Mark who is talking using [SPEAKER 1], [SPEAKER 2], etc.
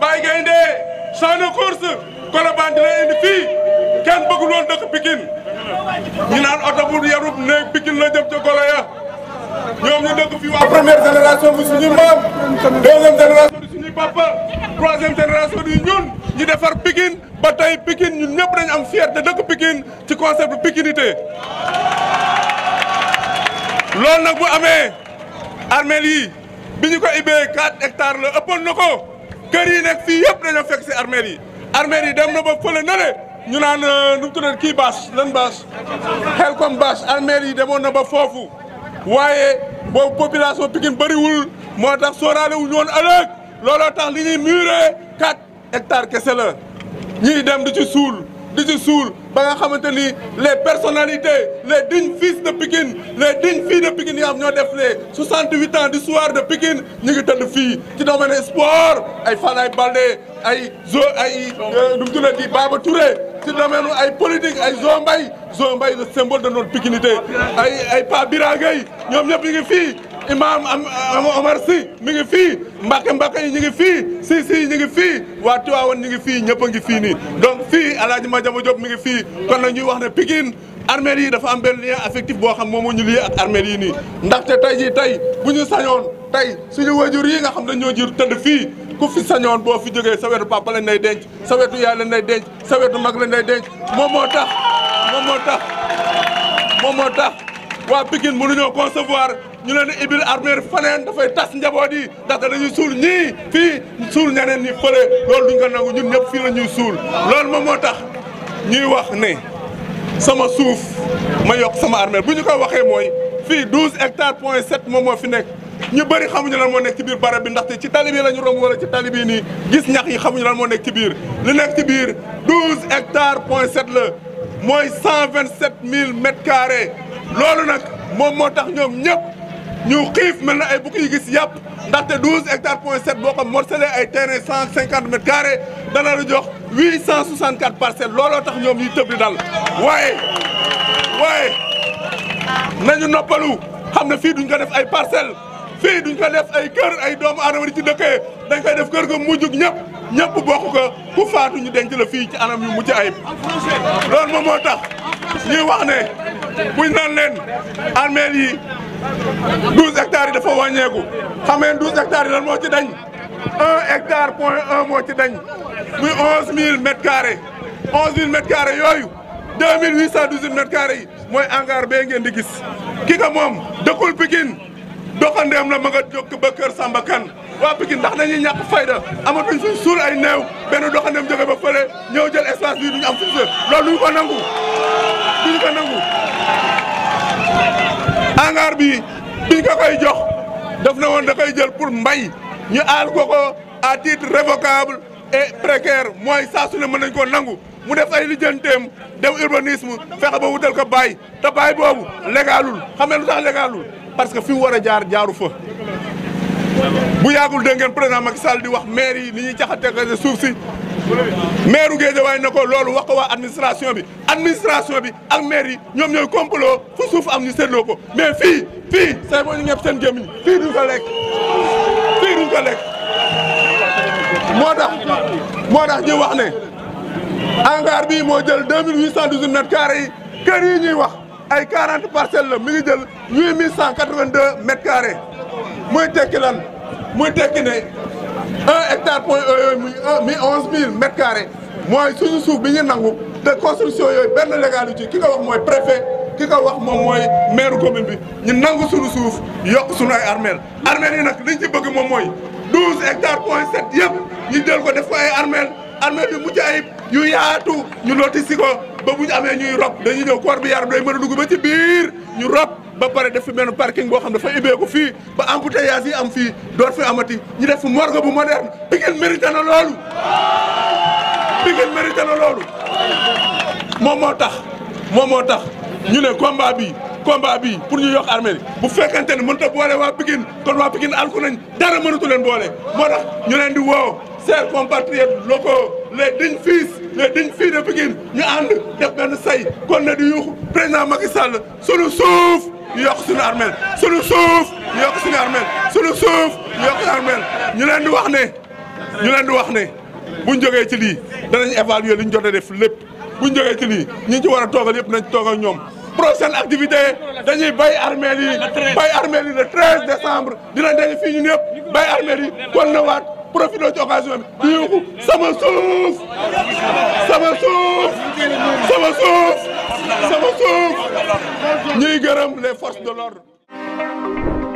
[SPEAKER 1] Baye Gaynde champ de course Colobane dina indi fii kenn bëggul woon dëkk Pikine ñu naan oto bu yarub ne Pikine la jëm ca golo ya ñoom ñu dëkk fii waa première génération bi suñuy maam deuxième génération papa troisième génération bi ñun ñu defar Pikine ba tey Pikine ñun ñëpp dañu am fierté dëkk Pikine ci concept pikinité loolu nag bu amee armeel yi bi ñu ko ibee 4 hectares la ëppoon na ko kër yi nekk fii yëpp dañoo fekk si armeel yi armeel yi dem na ba fële na ñu naan euh, nu mu tuddee kii bâche lan bâche xel comme bâche armeel yi demoon na ba foofu waaye boobu population Pikine bëriwul moo tax sóoraale wu ñu woon ëllëg looloo tax li ñuy muré 4 hectares kese la ñuy dem di ci suul di ci suul les personnalités les dignes fils de Pikine les dignes filles de Pikine ils ont fait 68 ans du soir de Pikine ñu ngi tëdd fii ci domaine sport ay Falaye Baldé ay zo ay euh, nu mu tuddati Baba Touré ci domaine ay politique ay Zo ont Zo Mbaye le symbole de notre pikinité ay ay pas biragay, Gueye ils ont filles. ngi imam am Omar si mi ngi fi mbake mbake yi ngi fi si si ñu ngi wa tuwa won ñu ngi fi ñepp ngi fi ni donc fii Alaaji Madiama job mi ngi fi kon la ñuy wax ne pikin armée yi dafa am ben lien affectif bo xam momo ñu lié ak armée yi ndax te tay ji tay bu ñu sañon tay suñu wajur yi nga xam ne ñoo jur tëdd fi ku fi sañon bo fi jógee sa papa lañ lay denc sa wetu yaay lañ lay denc sa wetu mag lañ lay denc momo tax momo tax momo tax wa pikin mënu ñoo concevoir ñu leen di ibil armeer faneen dafay tas njaboot yi ndax dañuy suul ñii fii suul ñeneen ñi fële loolu duñ ko nangu ñun ñëpp fii la ñuy suul loolu moom moo tax ñuy wax ne sama suuf ma yokk sama armeer bu ñu ko waxee mooy fii 12 hectares point 7 moom moo fi nekk ñu bëri xamuñu lan moo nekk ci biir barab bi ndaxte ci tali bi la ñu romb wala ci tali bii nii gis ñax yi xamuñu lan moo nekk ci biir li nekk ci biir 12 hectares point 7 la mooy 127 000 mètres carrés loolu nag moom moo tax ñoom ñëpp. ñu xiif mel na ay bukki yi gis yàpp ndaxte douze hectares point sept boo ko morcelé ay terrain cent cinquante mètres carrés dana la jox huit cent soixante quatre parcelles looloo tax ñoom ñuy tëb di dal waaye waaye nañu noppalu xam ne fii duñ ko def ay parcelles fii duñ ko def ay kër ay doomu aadama ci dëkkee dañ ko def kër ga mujjug ñëpp ñëpp bokk ko ku faatu ñu denc la fii ci anam yu mucc ay loolu moom moo tax ñuy wax ne buñ naan leen armeel yi douze hectares yi dafa wàññeeku xam ngeen douze hectares moo ci dañ un hectare point un moo ci dañ muy onze mille mètres carrés onze yooyu deux mille huit cent dix-huit mooy hangar bee ngeen di gis ki ko moom dëkkul Pikine doxandeem la ma nga jóg ba kër Samba kan waa Pikine ndax dañuy ñàkk fayda amatuñ suñ suul ay néew benn doxandeem jóge ba fële ñëw jël espace bii duñu am suuf loolu duñu ko nangu duñu ko nangu hangar bi bi nga koy jox daf na woon da koy jël pour mbay ñu aal ko ko à titre révocable et précaire mooy saa su ne mën nañ koo nangu mu def ay lijjanteem dem urbanisme fexe ba wutal ko baay te baay boobu légalul xam nga lu tax légalul parce que fi mu war a jaar jaaru fa. bu yàggul dégg ngeen président Macky Sall di wax maire yi ni ñuy jaxatee suuf si. maire Guédiawaye na ko loolu wax ko waa administration bi administration bi ak maire yi ñoom ñooy complot fu suuf am ñu seetloo ko mais fii fii say boo ñu ñëpp seen gémmiñ fii duñ ko lekk fii duñ ko lekk moo tax moo tax ñuy wax ne hangar bii moo jël 2818 mètres carrés yi kër yi ñuy wax ay 40 parcelles la mi ngi jël 8182 mètres carrés muy tekki lan muy tekki ne un hectare point yooyu muy un mi onze mille mooy suñu suuf bi ñu nangu te construction yooyu benn légal ci ki ko wax mooy préfet ki ko wax moom mooy maire commune bi ñu nangu suñu suuf yokk suñu ay armeel armeel yi nag liñ ci bëgg moom mooy douze hectares point sept yëpp ñu jël ko def ko ay armeel armeel yu mucc ayib yu yaatu ñu lotti si ko ba bu ñu amee ñuy rob dañuy ñëw koor bi yaram day mën a dugg ba ci biir ñu rob ba pare def fi benn parking boo xam dafa ibbeeku fii ba embouteillage yi am fii door fi amati ñu def fi morgue bu moderne Pikine mérité na loolu Pikine mérité na loolu moom moo tax moom moo tax ñu ne combat bi combat bi pour ñu yokk armée bu fekkante ne mënut a boole waa Pikine kon waa Pikine alku nañ dara mënatu leen boole moo tax ñu leen di woo chers compatriotes locaux les dignes fils les dignes fii de Pikine ñu ànd def benn say kon ne di yuuxu président Macky Sall sunu suuf. ñu yokk suñu armeel suñu suuf ñu yokk suñu armeel suñu suuf ñu yokk suñu armeel ñu leen di wax ne ñu leen di wax ne buñ jógee ci lii danañ évaluer li ñu jot a def lépp buñ jógee ci lii ñi ci war a toogal yëpp nañ toog ak ñoom prochaine activité dañuy bay armeel yi bay armeel yi le 13 décembre dina daje fii ñun yëpp bay armeel yi kon na waat profitoo ci occasion bi di yuuxu sama suuf sama suuf sama suuf sama suuf ñuy gërëm les forces de l'ordre